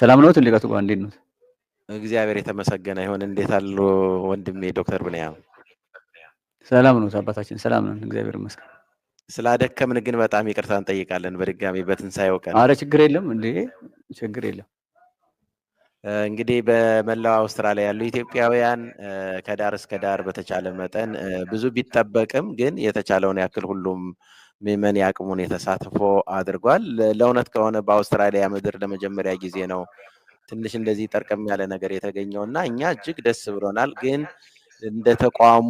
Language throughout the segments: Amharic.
ሰላም ነው ትልቅ አቶ እንዴት ነው? እግዚአብሔር የተመሰገነ ይሁን። እንዴት አሉ ወንድሜ ዶክተር ብንያም? ሰላም ነው አባታችን፣ ሰላም ነው። እግዚአብሔር ይመስገን። ስላደከምን ግን በጣም ይቅርታ እንጠይቃለን በድጋሚ በትንሳኤው ቀን። አረ ችግር የለም እንዴ ችግር የለም። እንግዲህ በመላው አውስትራሊያ ያሉ ኢትዮጵያውያን ከዳር እስከ ዳር በተቻለ መጠን ብዙ ቢጠበቅም ግን የተቻለውን ያክል ሁሉም ምዕመን የአቅሙን የተሳትፎ አድርጓል። ለእውነት ከሆነ በአውስትራሊያ ምድር ለመጀመሪያ ጊዜ ነው ትንሽ እንደዚህ ጠርቀም ያለ ነገር የተገኘው እና እኛ እጅግ ደስ ብሎናል። ግን እንደ ተቋሙ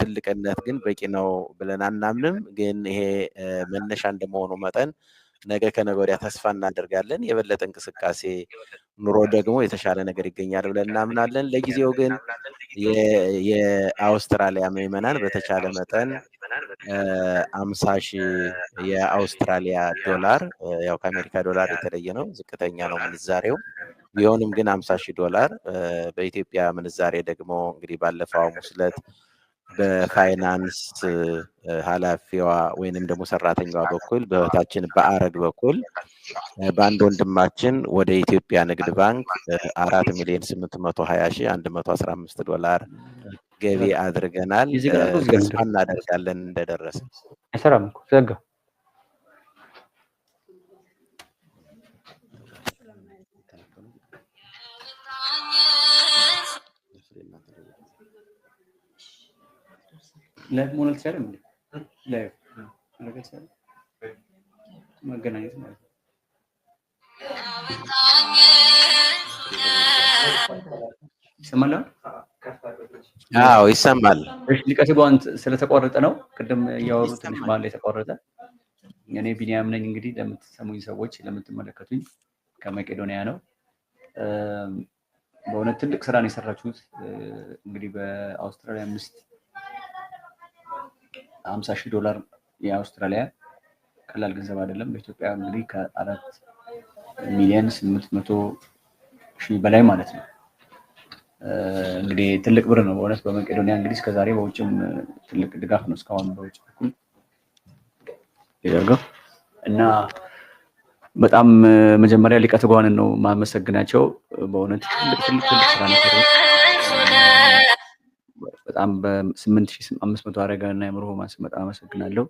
ትልቅነት ግን በቂ ነው ብለን አናምንም። ግን ይሄ መነሻ እንደመሆኑ መጠን ነገ ከነገ ወዲያ ተስፋ እናደርጋለን። የበለጠ እንቅስቃሴ ኑሮ ደግሞ የተሻለ ነገር ይገኛል ብለን እናምናለን። ለጊዜው ግን የአውስትራሊያ ምዕመናን በተቻለ መጠን አምሳ ሺህ የአውስትራሊያ ዶላር ያው ከአሜሪካ ዶላር የተለየ ነው፣ ዝቅተኛ ነው ምንዛሬው። ቢሆንም ግን አምሳ ሺህ ዶላር በኢትዮጵያ ምንዛሬ ደግሞ እንግዲህ ባለፈው ሐሙስ ዕለት በፋይናንስ ኃላፊዋ ወይንም ደግሞ ሰራተኛዋ በኩል በእህታችን በአረግ በኩል በአንድ ወንድማችን ወደ ኢትዮጵያ ንግድ ባንክ አራት ሚሊዮን ስምንት መቶ ሀያ ሺህ አንድ መቶ አስራ አምስት ዶላር ገቢ አድርገናል። ተስፋ እናደርጋለን እንደደረሰ አይሰራም ዘጋ። ላይፍ ላይፍ መገናኘት ማለት ነው። አዎ ይሰማል። ሊቀ ትጓን ስለተቆረጠ ነው። ቅድም እያወሩ ትንሽ ማለ የተቆረጠ። እኔ ቢኒያም ነኝ። እንግዲህ ለምትሰሙኝ ሰዎች፣ ለምትመለከቱኝ ከመቄዶንያ ነው። በእውነት ትልቅ ስራ ነው የሰራችሁት። እንግዲህ በአውስትራሊያ አምስት ሀምሳ ሺህ ዶላር የአውስትራሊያ ቀላል ገንዘብ አይደለም። በኢትዮጵያ እንግዲህ ከአራት ሚሊዮን ስምንት መቶ ሺህ በላይ ማለት ነው እንግዲህ ትልቅ ብር ነው በእውነት በመቄዶኒያ እንግዲህ እስከዛሬ በውጭም ትልቅ ድጋፍ ነው እስካሁን በውጭ በኩል ሊደርገው እና በጣም መጀመሪያ ሊቀ ትጉሃንን ነው ማመሰግናቸው። በእውነት በጣም በስምንት ሺህ አምስት መቶ አረጋና የምሮ ማስ በጣም አመሰግናለሁ።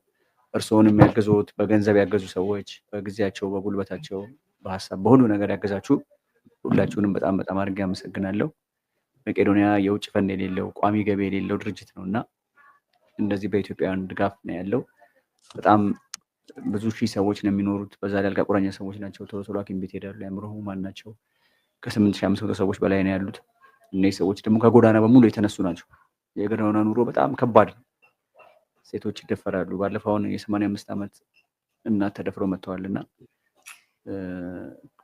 እርስዎንም ያገዙት በገንዘብ ያገዙ ሰዎች፣ በጊዜያቸው፣ በጉልበታቸው፣ በሀሳብ፣ በሁሉ ነገር ያገዛችሁ ሁላችሁንም በጣም በጣም አድርጌ አመሰግናለሁ። መቄዶንያ የውጭ ፈንድ የሌለው ቋሚ ገቢ የሌለው ድርጅት ነው እና እንደዚህ በኢትዮጵያውያን ድጋፍ ነው ያለው። በጣም ብዙ ሺህ ሰዎች ነው የሚኖሩት። በዛ ላይ አልጋ ቁራኛ ሰዎች ናቸው። ቶሎ ቶሎ ሐኪም ቤት ሄዳሉ። የአእምሮ ህሙማን ናቸው። ከስምንት ሺህ አምስት መቶ ሰዎች በላይ ነው ያሉት። እነዚህ ሰዎች ደግሞ ከጎዳና በሙሉ የተነሱ ናቸው። የገዳና ኑሮ በጣም ከባድ ነው። ሴቶች ይደፈራሉ። ባለፈው አሁን የሰማንያ አምስት ዓመት እናት ተደፍረው መጥተዋል እና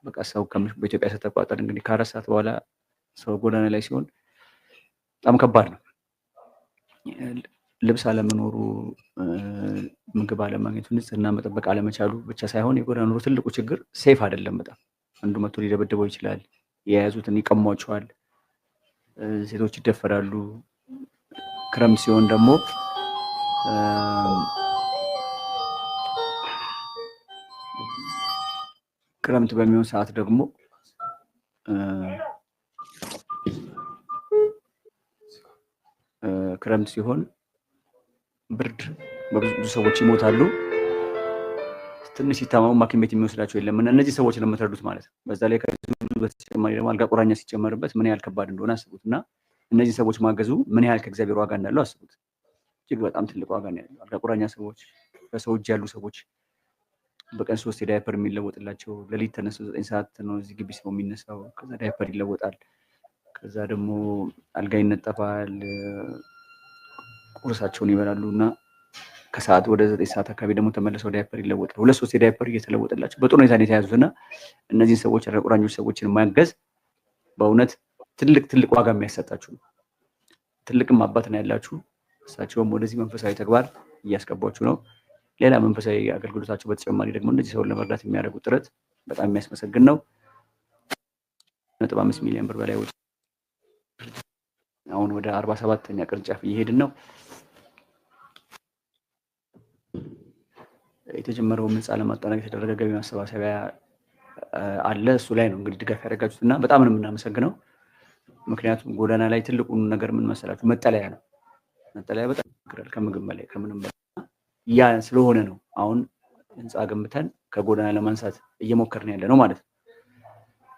በቃ ሰው በኢትዮጵያ ስተቋጠር እንግዲህ ከአራት ሰዓት በኋላ ሰው ጎዳና ላይ ሲሆን በጣም ከባድ ነው። ልብስ አለመኖሩ፣ ምግብ አለማግኘቱ፣ ንጽህና መጠበቅ አለመቻሉ ብቻ ሳይሆን የጎዳና ኑሮ ትልቁ ችግር ሴፍ አይደለም። በጣም አንዱ መቶ ሊደበድበው ይችላል። የያዙትን ይቀሟቸዋል። ሴቶች ይደፈራሉ። ክረምት ሲሆን ደግሞ ክረምት በሚሆን ሰዓት ደግሞ ክረምት ሲሆን ብርድ በብዙ ሰዎች ይሞታሉ። ትንሽ ሲታመሙ ሐኪም ቤት የሚወስዳቸው የለም እና እነዚህ ሰዎች ነው የምትረዱት ማለት ነው። በዛ ላይ በተጨማሪ ደግሞ አልጋ ቁራኛ ሲጨመርበት ምን ያህል ከባድ እንደሆነ አስቡት እና እነዚህ ሰዎች ማገዙ ምን ያህል ከእግዚአብሔር ዋጋ እንዳለው አስቡት። እጅግ በጣም ትልቅ ዋጋ ነው ያለው። አልጋ ቁራኛ ሰዎች፣ በሰው እጅ ያሉ ሰዎች፣ በቀን ሶስት የዳይፐር የሚለወጥላቸው ሌሊት ተነስተው ዘጠኝ ሰዓት ነው እዚህ ግቢ ሰው የሚነሳው። ከዛ ዳይፐር ይለወጣል። ከዛ ደግሞ አልጋ ይነጠፋል። ቁርሳቸውን ይበላሉ እና ከሰዓት ወደ ዘጠኝ ሰዓት አካባቢ ደግሞ ተመልሰው ዳይፐር ይለወጣል። ሁለት ሶስት ዳይፐር እየተለወጠላቸው በጥሩ ሁኔታ ነው የተያዙት እና እነዚህን ሰዎች ረቁራኞች ሰዎችን ማገዝ በእውነት ትልቅ ትልቅ ዋጋ የሚያሰጣችሁ ነው። ትልቅም አባት ነው ያላችሁ። እሳቸውም ወደዚህ መንፈሳዊ ተግባር እያስገቧችሁ ነው። ሌላ መንፈሳዊ አገልግሎታቸው በተጨማሪ ደግሞ እነዚህ ሰውን ለመርዳት የሚያደርጉት ጥረት በጣም የሚያስመሰግን ነው። ነጥብ አምስት ሚሊዮን ብር በላይ አሁን ወደ አርባ ሰባተኛ ቅርንጫፍ እየሄድን ነው። የተጀመረውን ህንፃ ለማጠናቀቅ የተደረገ ገቢ ማሰባሰቢያ አለ። እሱ ላይ ነው እንግዲህ ድጋፍ ያደረጋችሁት እና በጣም ነው የምናመሰግነው። ምክንያቱም ጎዳና ላይ ትልቁን ነገር ምን መሰላችሁ? መጠለያ ነው። መጠለያ በጣም ይቸግራል፣ ከምግብ በላይ ከምንም በላይ ያ ስለሆነ ነው አሁን ህንፃ ገንብተን ከጎዳና ለማንሳት እየሞከርን ያለ ነው ማለት ነው።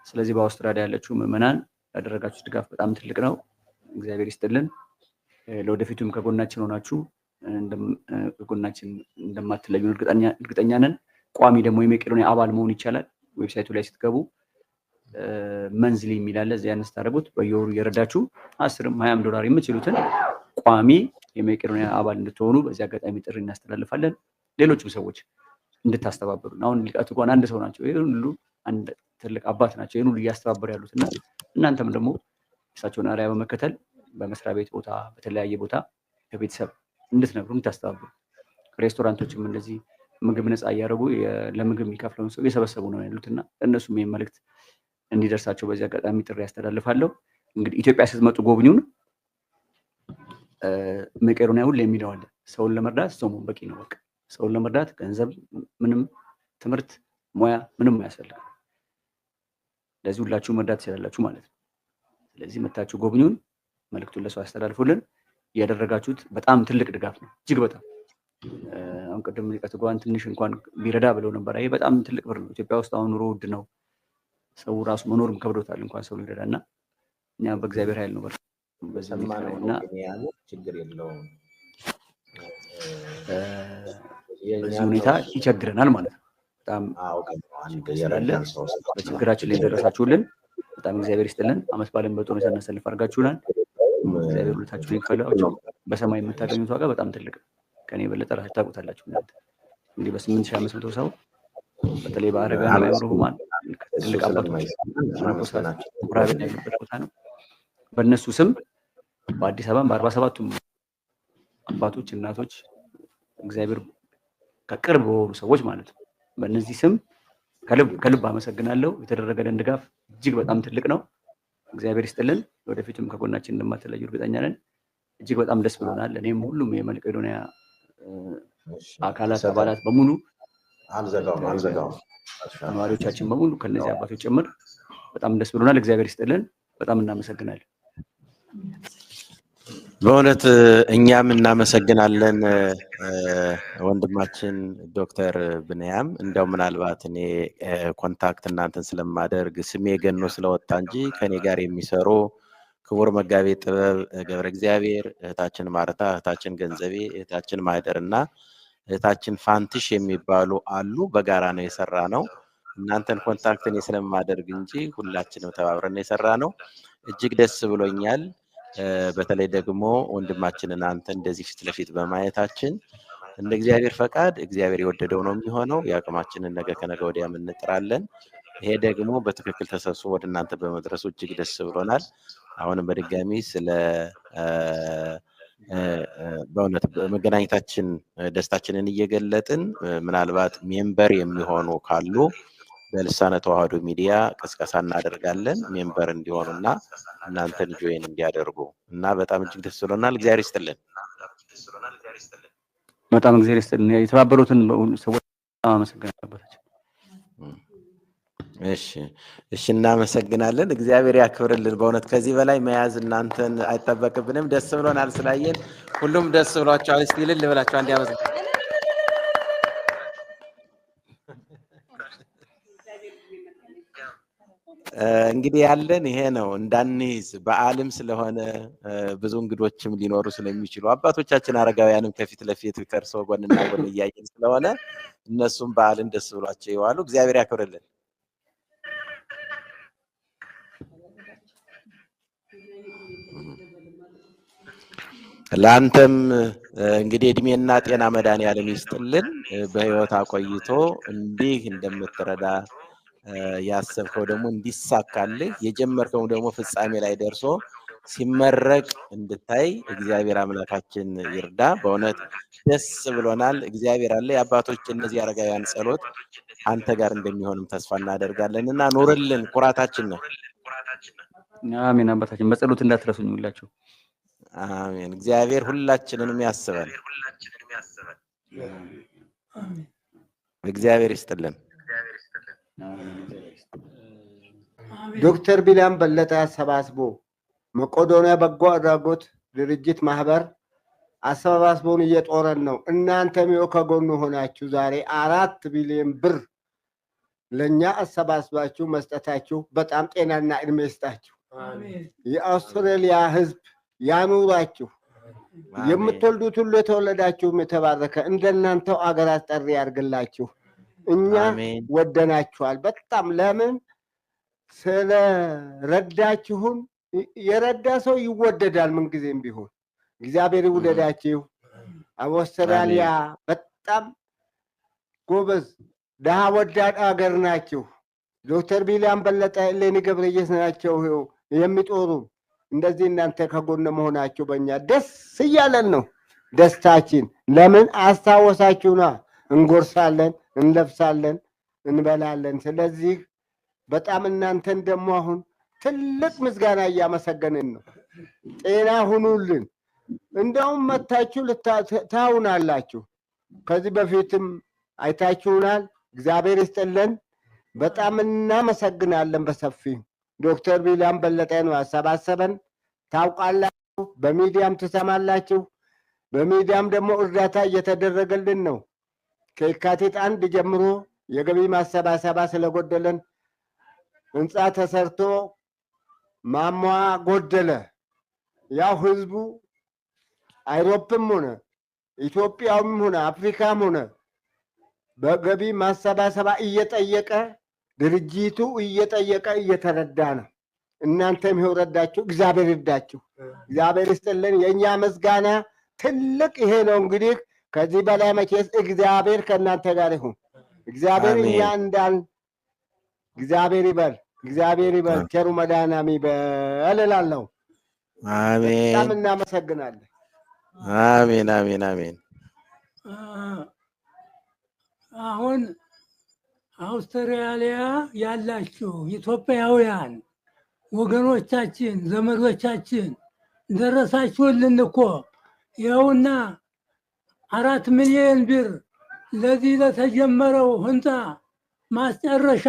ስለዚህ በአውስትራሊያ ያለችው ምዕመናን ያደረጋችሁት ድጋፍ በጣም ትልቅ ነው። እግዚአብሔር ይስጥልን። ለወደፊቱም ከጎናችን ሆናችሁ ከጎናችን እንደማትለዩ እርግጠኛ ነን። ቋሚ ደግሞ የመቄዶንያ አባል መሆን ይቻላል። ዌብሳይቱ ላይ ስትገቡ መንዝሊ የሚላለ እዚያ ታደረጉት በየወሩ እየረዳችሁ አስርም ሀያም ዶላር የምትችሉትን ቋሚ የመቄዶንያ አባል እንድትሆኑ በዚህ አጋጣሚ ጥሪ እናስተላልፋለን። ሌሎችም ሰዎች እንድታስተባበሩ አሁን ሊቃውንት እንኳን አንድ ሰው ናቸው። ይህን ሁሉ አንድ ትልቅ አባት ናቸው። ይህን ሁሉ እያስተባበሩ ያሉት እና እናንተም ደግሞ እሳቸውን አርያ በመከተል በመስሪያ ቤት ቦታ፣ በተለያየ ቦታ ከቤተሰብ እንድትነግሩ የምታስተባብሩ ሬስቶራንቶችም እንደዚህ ምግብ ነፃ እያደረጉ ለምግብ የሚከፍለውን ሰው እየሰበሰቡ ነው ያሉት እና እነሱም ይህን መልእክት እንዲደርሳቸው በዚህ አጋጣሚ ጥሪ ያስተላልፋለሁ። እንግዲህ ኢትዮጵያ ስትመጡ ጎብኙን። መቄዶንያ ሁሌ የሚለው አለ፣ ሰውን ለመርዳት ሰው መሆን በቂ ነው። በቃ ሰውን ለመርዳት ገንዘብ ምንም፣ ትምህርት፣ ሙያ ምንም አያስፈልግም። ለዚህ ሁላችሁ መርዳት ትችላላችሁ ማለት ነው። ስለዚህ መታችሁ ጎብኙን፣ መልክቱን ለሰው ያስተላልፉልን። ያደረጋችሁት በጣም ትልቅ ድጋፍ ነው፣ እጅግ በጣም አሁን ቅድም ሊቀት ትንሽ እንኳን ቢረዳ ብለው ነበር። ይሄ በጣም ትልቅ ብር ነው። ኢትዮጵያ ውስጥ አሁን ኑሮ ውድ ነው። ሰው ራሱ መኖርም ከብዶታል፣ እንኳን ሰው ሊረዳ እና እኛ በእግዚአብሔር ኃይል ነው በዚህ ችግር የለውም በዚህ ሁኔታ ይቸግረናል ማለት ነው። በጣም ስላለ በችግራችን ላይ ደረሳችሁልን። በጣም እግዚአብሔር ይስጥልን። አመት በዓልን በጦር ሳናሳልፍ አድርጋችሁናል። እግዚአብሔር ሁለታችሁን ይክፈላችሁ። በሰማይ የምታገኙት ዋጋ በጣም ትልቅ ከኔ የበለጠ ራሳችሁ ታውቁታላችሁ። እናንተ እንግዲህ በስምንት ሺህ አምስት መቶ ሰው በተለይ በአረጋውያን አእምሮ ህሙማን ትልቅ አባቶች መነኮሳት ያሉበት ቦታ ነው። በእነሱ ስም በአዲስ አበባ በአርባ ሰባቱም አባቶች እናቶች፣ እግዚአብሔር ከቅርብ በሆኑ ሰዎች ማለት ነው። በእነዚህ ስም ከልብ አመሰግናለሁ የተደረገልን ድጋፍ እጅግ በጣም ትልቅ ነው። እግዚአብሔር ይስጥልን። ወደፊትም ከጎናችን እንደማትለዩ እርግጠኛ ነን። እጅግ በጣም ደስ ብሎናል። እኔም ሁሉም የመቄዶንያ አካላት አባላት በሙሉ ተማሪዎቻችን በሙሉ ከነዚህ አባቶች ጭምር በጣም ደስ ብሎናል። እግዚአብሔር ይስጥልን። በጣም እናመሰግናለን። በእውነት እኛም እናመሰግናለን ወንድማችን ዶክተር ብንያም። እንደው ምናልባት እኔ ኮንታክት እናንተን ስለማደርግ ስሜ ገኖ ስለወጣ እንጂ ከኔ ጋር የሚሰሩ ክቡር መጋቤ ጥበብ ገብረ እግዚአብሔር፣ እህታችን ማርታ፣ እህታችን ገንዘቤ፣ እህታችን ማህደር እና እህታችን ፋንትሽ የሚባሉ አሉ። በጋራ ነው የሰራ ነው። እናንተን ኮንታክት እኔ ስለማደርግ እንጂ ሁላችንም ተባብረን የሰራ ነው። እጅግ ደስ ብሎኛል። በተለይ ደግሞ ወንድማችንን አንተ እንደዚህ ፊት ለፊት በማየታችን እንደ እግዚአብሔር ፈቃድ እግዚአብሔር የወደደው ነው የሚሆነው። የአቅማችንን ነገ ከነገ ወዲያ እንጥራለን። ይሄ ደግሞ በትክክል ተሰብስቦ ወደ እናንተ በመድረሱ እጅግ ደስ ብሎናል። አሁንም በድጋሚ ስለ በእውነት መገናኘታችን ደስታችንን እየገለጥን ምናልባት ሜምበር የሚሆኑ ካሉ በልሳነ ተዋህዶ ሚዲያ ቅስቀሳ እናደርጋለን። ሜምበር እንዲሆኑና እናንተን ጆይን እንዲያደርጉ እና በጣም እጅግ ደስ ብሎናል። እግዚአብሔር ይስጥልን። በጣም እግዚአብሔር ይስጥልን። የተባበሩትን ሰዎች አመሰግናለሁ። እሺ፣ እሺ፣ እናመሰግናለን። እግዚአብሔር ያክብርልን። በእውነት ከዚህ በላይ መያዝ እናንተን አይጠበቅብንም። ደስ ብሎናል ስላየን። ሁሉም ደስ ብሏቸዋል። ስቲልን ልበላቸው አንድ ያመሰግናል እንግዲህ ያለን ይሄ ነው እንዳንይዝ በዓልም ስለሆነ ብዙ እንግዶችም ሊኖሩ ስለሚችሉ አባቶቻችን አረጋውያንም ከፊት ለፊት ከእርሶ ጎንና ጎን እያየን ስለሆነ እነሱም በዓልን ደስ ብሏቸው ይዋሉ። እግዚአብሔር ያክብርልን። ለአንተም እንግዲህ እድሜና ጤና መድኃኔዓለም ይስጥልን፣ በህይወት አቆይቶ እንዲህ እንደምትረዳ ያሰብከው ደግሞ እንዲሳካልህ የጀመርከው ደግሞ ፍጻሜ ላይ ደርሶ ሲመረቅ እንድታይ እግዚአብሔር አምላካችን ይርዳ። በእውነት ደስ ብሎናል። እግዚአብሔር አለ የአባቶች እነዚህ አረጋውያን ጸሎት አንተ ጋር እንደሚሆንም ተስፋ እናደርጋለን እና ኑርልን፣ ኩራታችን ነው። አሜን። አባታችን በጸሎት እንዳትረሱኝ ሁላችሁ። አሜን። እግዚአብሔር ሁላችንንም ያስበን። እግዚአብሔር ይስጥልን። ዶክተር ቢላን በለጠ አሰባስቦ መቄዶንያ በጎ አድራጎት ድርጅት ማህበር አሰባስቦን እየጦረን ነው። እናንተም ይኸው ከጎኑ ሆናችሁ ዛሬ አራት ቢሊዮን ብር ለእኛ አሰባስባችሁ መስጠታችሁ በጣም ጤናና እድሜ ይስጣችሁ። የአውስትሬሊያ ህዝብ ያኑራችሁ። የምትወልዱት ሁሉ የተወለዳችሁም የተባረከ እንደናንተው አገራት ጠሪ ያድርግላችሁ። እኛ ወደናችኋል። በጣም ለምን ስለረዳችሁን። የረዳ ሰው ይወደዳል ምንጊዜም ቢሆን። እግዚአብሔር ይውደዳችሁ። አውስትራሊያ በጣም ጎበዝ ድሃ ወዳድ አገር ናችሁ። ዶክተር ቢሊያም በለጠ፣ ሌኒ ገብረየስ ናቸው የሚጦሩ። እንደዚህ እናንተ ከጎነ መሆናችሁ በእኛ ደስ እያለን ነው ደስታችን። ለምን አስታወሳችሁና እንጎርሳለን እንለብሳለን፣ እንበላለን። ስለዚህ በጣም እናንተን ደግሞ አሁን ትልቅ ምስጋና እያመሰገንን ነው። ጤና ሁኑልን። እንደውም መታችሁ ታውናላችሁ። ከዚህ በፊትም አይታችሁናል። እግዚአብሔር ይስጥልን። በጣም እናመሰግናለን። በሰፊው ዶክተር ቢላም በለጠ ነው ያሰባሰበን። ታውቃላችሁ፣ በሚዲያም ትሰማላችሁ። በሚዲያም ደግሞ እርዳታ እየተደረገልን ነው። ከየካቲት አንድ ጀምሮ የገቢ ማሰባሰባ ስለጎደለን ህንፃ ተሰርቶ ማሟ ጎደለ። ያው ህዝቡ አይሮፕም ሆነ ኢትዮጵያም ሆነ አፍሪካም ሆነ በገቢ ማሰባሰባ እየጠየቀ ድርጅቱ እየጠየቀ እየተረዳ ነው። እናንተም ይኸው ረዳችሁ፣ እግዚአብሔር ይርዳችሁ፣ እግዚአብሔር ይስጥልን። የእኛ ምስጋና ትልቅ ይሄ ነው እንግዲህ ከዚህ በላይ መቼስ እግዚአብሔር ከእናንተ ጋር ይሁን። እግዚአብሔር እኛ እንዳል እግዚአብሔር ይበል፣ እግዚአብሔር ይበል፣ ቸሩ መዳናሚ በልላለው እላለሁ። በጣም እናመሰግናለን። አሜን፣ አሜን፣ አሜን። አሁን አውስትራሊያ ያላችሁ ኢትዮጵያውያን ወገኖቻችን፣ ዘመዶቻችን ደረሳችሁልን እኮ ይኸውና አራት ሚሊዮን ብር ለዚህ ለተጀመረው ህንፃ ማስጨረሻ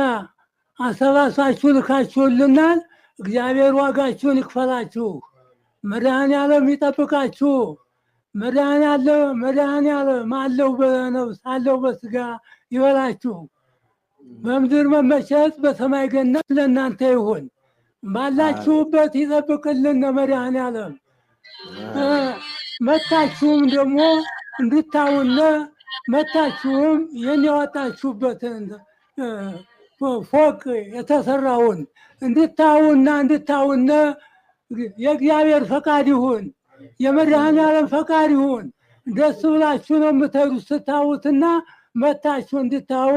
አሰባሳችሁ ልካችሁልናል። እግዚአብሔር ዋጋችሁን ይክፈላችሁ። መድኃኔ ዓለም ይጠብቃችሁ። መድኃኔ ዓለም አለው በነፍስ አለው በስጋ ይበላችሁ። በምድር መመሸት በሰማይ ገነት ለእናንተ ይሁን። ባላችሁበት ይጠብቅልን መድኃኔ ዓለም። መታችሁም ደግሞ እንድታውነ መታችሁም የሚያወጣችሁበትን ፎቅ የተሰራውን እንድታውና እንድታውነ የእግዚአብሔር ፈቃድ ይሁን፣ የመድኃኔዓለም ፈቃድ ይሁን። ደስ ብላችሁ ነው የምትሄዱ ስታዩትና መታችሁ እንድታዩ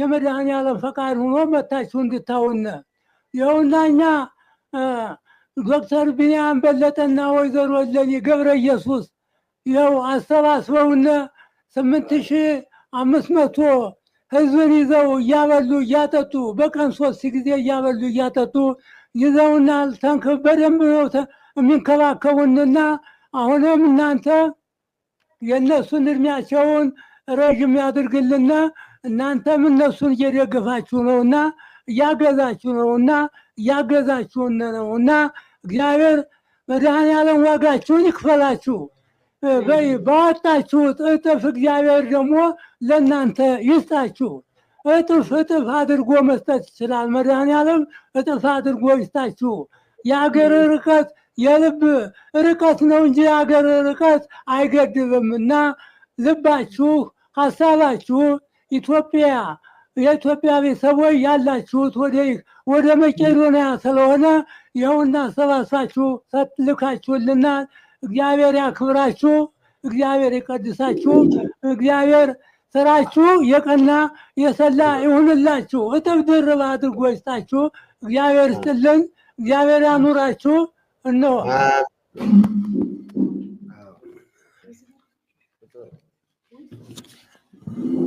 የመድኃኔዓለም ፈቃድ ሆኖ መታችሁ እንድታውነ ይኸውና እኛ ዶክተር ቢንያም በለጠና ወይዘሮ ወለኒ ገብረ ኢየሱስ ይኸው አሰባስበውና ስምንት ሺ አምስት መቶ ህዝብን ይዘው እያበሉ እያጠጡ በቀን ሶስት ጊዜ እያበሉ እያጠጡ ይዘውናል። ተንክ በደንብ የሚንከባከቡንና አሁንም እናንተ የእነሱን እድሜያቸውን ረዥም ያድርግልና እናንተም እነሱን እየደገፋችሁ ነውና እያገዛችሁ ነውና እያገዛችሁን ነውና እግዚአብሔር መድኃኔዓለም ዋጋችሁን ይክፈላችሁ። ባወጣችሁት እጥፍ እግዚአብሔር ደግሞ ለእናንተ ይስጣችሁ። እጥፍ እጥፍ አድርጎ መስጠት ይችላል። መድኃኔዓለም እጥፍ አድርጎ ይስጣችሁ። የአገር ርቀት የልብ ርቀት ነው እንጂ የአገር ርቀት አይገድብምና ልባችሁ፣ ሀሳባችሁ ኢትዮጵያ የኢትዮጵያ ቤተሰቦች ያላችሁት ወደ መቄዶንያ ስለሆነ ይኸውና ሰባሳችሁ ልካችሁልናል። እግዚአብሔር ያክብራችሁ፣ እግዚአብሔር ይቀድሳችሁ፣ እግዚአብሔር ስራችሁ የቀና የሰላ ይሁንላችሁ። እጥፍ ድርብ አድርጎ ይስጣችሁ። እግዚአብሔር ስጥልን፣ እግዚአብሔር ያኑራችሁ። እነሆ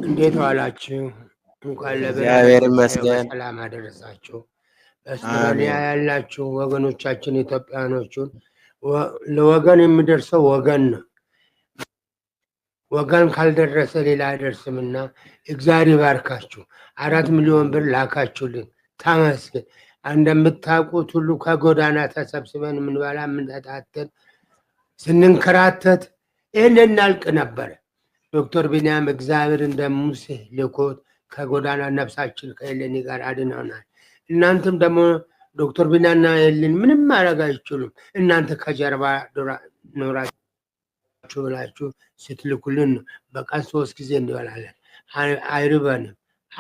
እንዴት ዋላችሁ? እንኳን ለእግዚአብሔር ይመስገን ሰላም አደረሳችሁ። ያላችሁ ወገኖቻችን ኢትዮጵያኖቹን ለወገን የሚደርሰው ወገን ነው። ወገን ካልደረሰ ሌላ አይደርስምና እግዚአብሔር ይባርካችሁ። አራት ሚሊዮን ብር ላካችሁልን፣ ተመስገን። እንደምታውቁት ሁሉ ከጎዳና ተሰብስበን የምንበላ የምንጠጣትን ስንንከራተት ይህን እናልቅ ነበረ። ዶክተር ቢንያም እግዚአብሔር እንደ ሙሴ ልኮት ከጎዳና ነፍሳችን ከሌለኒ ጋር አድነውናል። እናንተም ደግሞ ዶክተር ቢናና የልን ምንም ማድረግ አይችሉም። እናንተ ከጀርባ ኖራችሁ ብላችሁ ስትልኩልን ነው። በቀን ሶስት ጊዜ እንበላለን። አይርበንም፣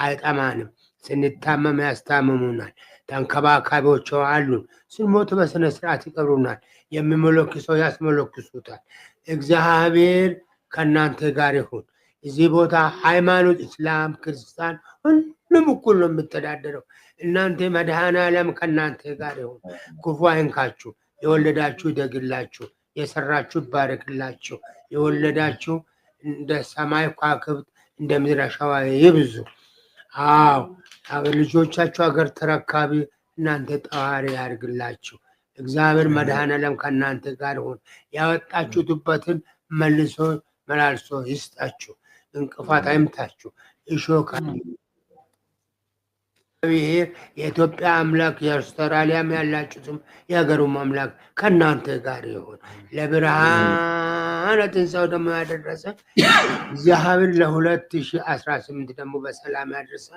አይጠማንም። ስንታመም ያስታምሙናል። ተንከባካቢዎች አሉን። ስንሞት በስነ ስርዓት ይቀብሩናል። የሚመለክሰው ያስመለክሱታል። እግዚአብሔር ከእናንተ ጋር ይሁን። እዚህ ቦታ ሃይማኖት፣ እስላም፣ ክርስቲያን ሁሉም እኩል ነው የሚተዳደረው። እናንተ መድኃኔ ዓለም ከእናንተ ጋር ይሁን፣ ክፉ አይንካችሁ፣ የወለዳችሁ ይደግላችሁ፣ የሰራችሁ ይባረክላችሁ፣ የወለዳችሁ እንደ ሰማይ ኳክብት እንደ ምድር አሸዋ ይብዙ። አዎ ልጆቻችሁ ሀገር ተረካቢ እናንተ ጠዋሪ ያድርግላችሁ። እግዚአብሔር መድኃኔ ዓለም ከእናንተ ጋር ይሁን። ያወጣችሁትበትን መልሶ መላልሶ ይስጣችሁ። እንቅፋት አይምታችሁ። እሾካ እግዚአብሔር የኢትዮጵያ አምላክ የአውስትራሊያም ያላችሁትም የሀገሩም አምላክ ከእናንተ ጋር ይሁን። ለብርሃነ ትንሣኤው ደግሞ ያደረሰ እግዚአብሔር ለ2018 ደግሞ በሰላም ያደረሰ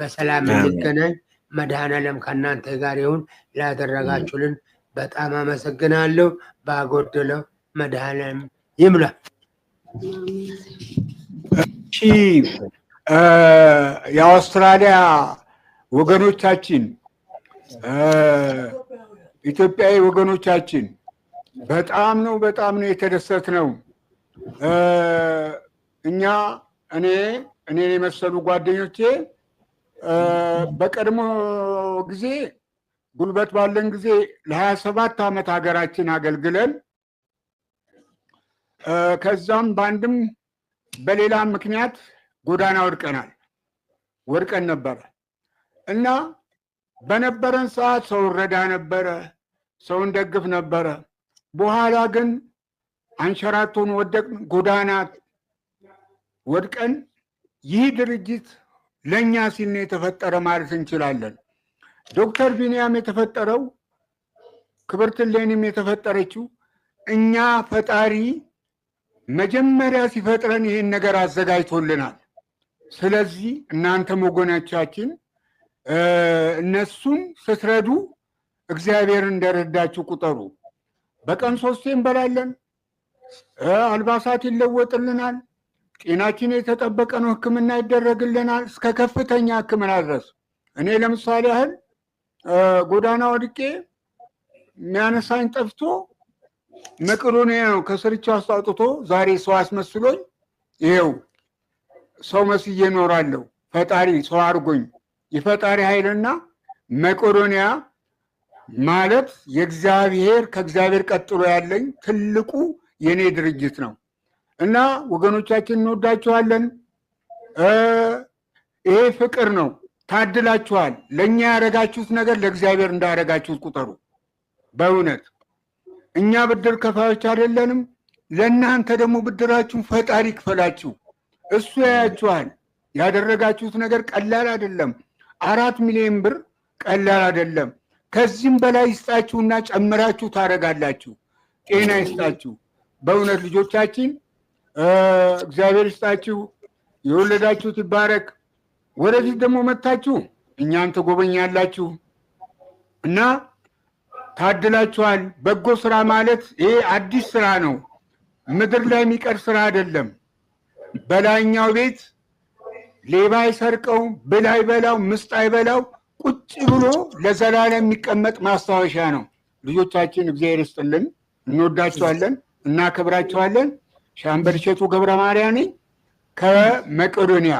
በሰላም እንገናኝ። መድኃኔዓለም ከእናንተ ጋር ይሁን። ላደረጋችሁልን በጣም አመሰግናለሁ። ባጎደለው መድኃኔዓለም ይምላ። የአውስትራሊያ ወገኖቻችን ኢትዮጵያዊ ወገኖቻችን በጣም ነው በጣም ነው የተደሰት ነው። እኛ እኔ እኔን የመሰሉ ጓደኞቼ በቀድሞ ጊዜ ጉልበት ባለን ጊዜ ለሀያ ሰባት ዓመት ሀገራችን አገልግለን ከዛም በአንድም በሌላ ምክንያት ጎዳና ወድቀናል ወድቀን ነበራል። እና በነበረን ሰዓት ሰው ረዳ ነበረ፣ ሰው እንደግፍ ነበረ። በኋላ ግን አንሸራቶን ወደቅን፣ ጎዳና ወድቀን ይህ ድርጅት ለእኛ ሲል ነው የተፈጠረ ማለት እንችላለን። ዶክተር ቢንያም የተፈጠረው ክብርት ሌኒም የተፈጠረችው እኛ ፈጣሪ መጀመሪያ ሲፈጥረን ይህን ነገር አዘጋጅቶልናል። ስለዚህ እናንተ ወገኖቻችን እነሱን ስትረዱ እግዚአብሔርን እንደረዳችሁ ቁጠሩ። በቀን ሶስቴ እንበላለን። አልባሳት ይለወጥልናል። ጤናችን የተጠበቀ ነው። ሕክምና ይደረግልናል እስከ ከፍተኛ ሕክምና ድረስ። እኔ ለምሳሌ ያህል ጎዳና ወድቄ የሚያነሳኝ ጠፍቶ መቅሩን ነው ከስርቻ አስጣጥቶ ዛሬ ሰው አስመስሎኝ ይሄው ሰው መስዬ እኖራለሁ። ፈጣሪ ሰው አድርጎኝ የፈጣሪ ኃይልና መቄዶንያ ማለት የእግዚአብሔር ከእግዚአብሔር ቀጥሎ ያለኝ ትልቁ የእኔ ድርጅት ነው እና ወገኖቻችን እንወዳችኋለን። ይሄ ፍቅር ነው። ታድላችኋል። ለእኛ ያደረጋችሁት ነገር ለእግዚአብሔር እንዳደረጋችሁት ቁጠሩ። በእውነት እኛ ብድር ከፋዮች አይደለንም። ለእናንተ ደግሞ ብድራችሁን ፈጣሪ ክፈላችሁ። እሱ ያያችኋል። ያደረጋችሁት ነገር ቀላል አይደለም። አራት ሚሊዮን ብር ቀላል አይደለም። ከዚህም በላይ ይስጣችሁና ጨምራችሁ ታደርጋላችሁ። ጤና ይስጣችሁ። በእውነት ልጆቻችን እግዚአብሔር ይስጣችሁ። የወለዳችሁት ይባረክ። ወደፊት ደግሞ መታችሁ እኛም ትጎበኛላችሁ እና ታድላችኋል። በጎ ስራ ማለት ይሄ አዲስ ስራ ነው። ምድር ላይ የሚቀር ስራ አይደለም። በላይኛው ቤት ሌባ አይሰርቀው፣ ብል አይበላው፣ ምስጥ አይበላው፣ ቁጭ ብሎ ለዘላለም የሚቀመጥ ማስታወሻ ነው። ልጆቻችን እግዚአብሔር ይስጥልን። እንወዳቸዋለን፣ እናከብራቸዋለን። ሻምበል እሸቱ ገብረ ማርያም ነኝ ከመቄዶንያ።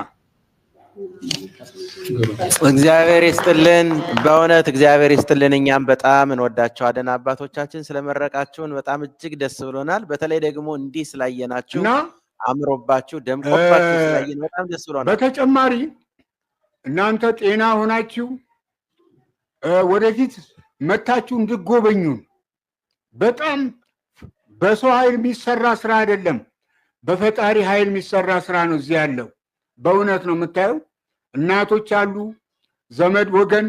እግዚአብሔር ይስጥልን፣ በእውነት እግዚአብሔር ይስጥልን። እኛም በጣም እንወዳቸዋለን። አባቶቻችን ስለመረቃችሁን በጣም እጅግ ደስ ብሎናል። በተለይ ደግሞ እንዲህ ስላየናችሁ አምሮባችሁ ደምቆባችሁ በጣም ደስ ብሎናል። በተጨማሪ እናንተ ጤና ሆናችሁ ወደፊት መታችሁ እንድጎበኙን በጣም በሰው ኃይል የሚሰራ ስራ አይደለም፣ በፈጣሪ ኃይል የሚሰራ ስራ ነው እዚህ ያለው። በእውነት ነው የምታየው። እናቶች አሉ፣ ዘመድ ወገን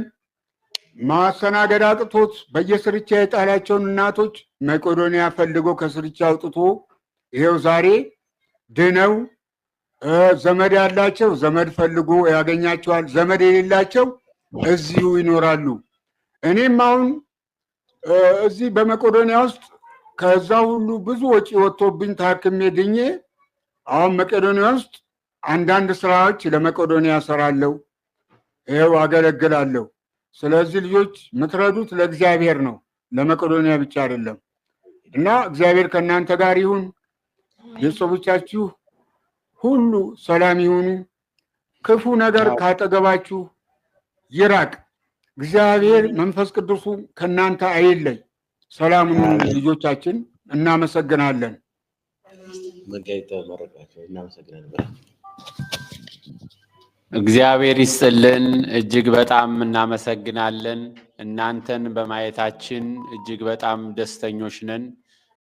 ማስተናገድ አቅቶት በየስርቻ የጣላቸውን እናቶች መቄዶንያ ፈልጎ ከስርቻ አውጥቶ ይሄው ዛሬ ድነው ዘመድ ያላቸው ዘመድ ፈልጎ ያገኛቸዋል። ዘመድ የሌላቸው እዚሁ ይኖራሉ። እኔም አሁን እዚህ በመቄዶንያ ውስጥ ከዛ ሁሉ ብዙ ወጪ ወጥቶብኝ ታክሜ ድኜ አሁን መቄዶንያ ውስጥ አንዳንድ ስራዎች ለመቄዶንያ ሰራለው ይኸው አገለግላለሁ። ስለዚህ ልጆች የምትረዱት ለእግዚአብሔር ነው፣ ለመቄዶንያ ብቻ አይደለም እና እግዚአብሔር ከእናንተ ጋር ይሁን። ቤተሰቦቻችሁ ሁሉ ሰላም ይሁኑ። ክፉ ነገር ካጠገባችሁ ይራቅ። እግዚአብሔር መንፈስ ቅዱሱ ከእናንተ አይለይ። ሰላም ልጆቻችን፣ እናመሰግናለን። እግዚአብሔር ይስጥልን። እጅግ በጣም እናመሰግናለን። እናንተን በማየታችን እጅግ በጣም ደስተኞች ነን።